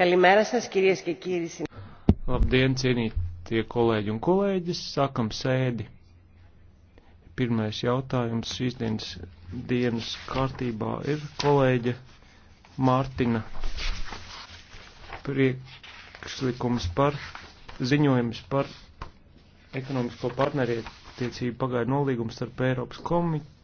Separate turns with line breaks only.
Kalimēra sas, kirijas, ka kīris.
Labdien, cienītie kolēģi un kolēģis, sākam sēdi. Pirmais jautājums šīs dienas dienas kārtībā ir kolēģa Mārtiņa priekšlikums par ziņojums par ekonomisko partnerietiecību pagaidu nolīgumu starp Eiropas komiteju.